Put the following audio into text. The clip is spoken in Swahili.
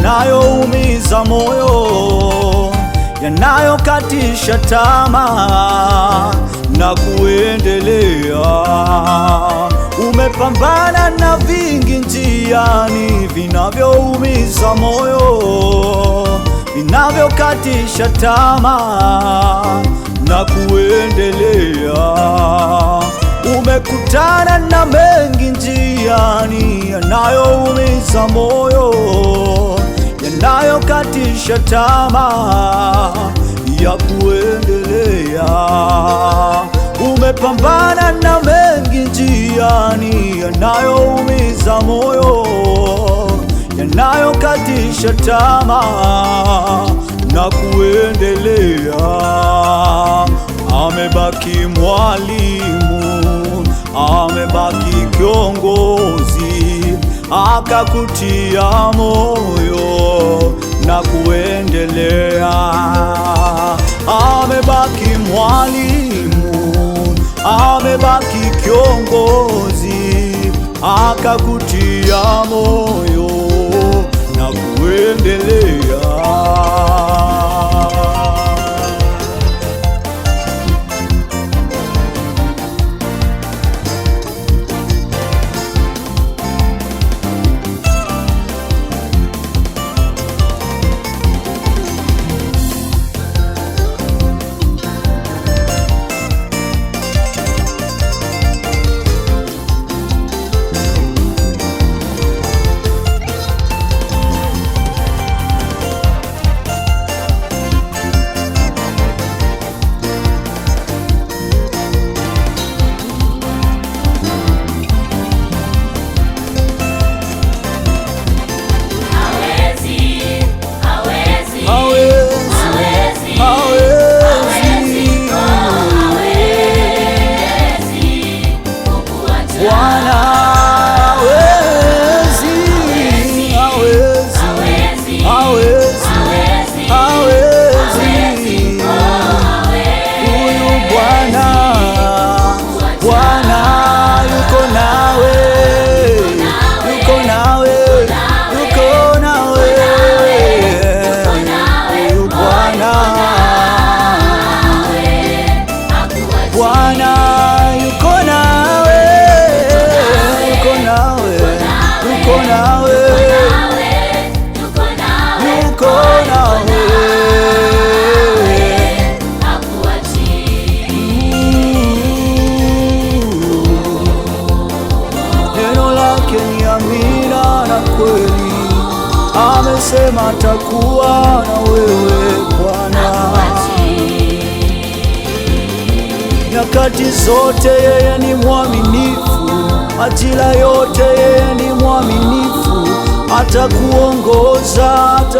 yanayoumiza moyo, yanayokatisha tamaa na kuendelea. Umepambana na vingi njiani, vinavyoumiza moyo, vinavyokatisha tamaa na kuendelea. Umekutana na mengi njiani, yanayoumiza moyo yanayokatisha tamaa ya kuendelea. Umepambana na mengi njiani, yanayoumiza moyo, yanayokatisha tamaa na kuendelea. Amebaki mwalimu, amebaki kiongozi, akakutia moyo Mwokozi akakutia moyo na kuendelea kusema takuwa na wewe Bwana nyakati zote, yeye ni mwaminifu, ajila yote yeye ni mwaminifu, atakuongoza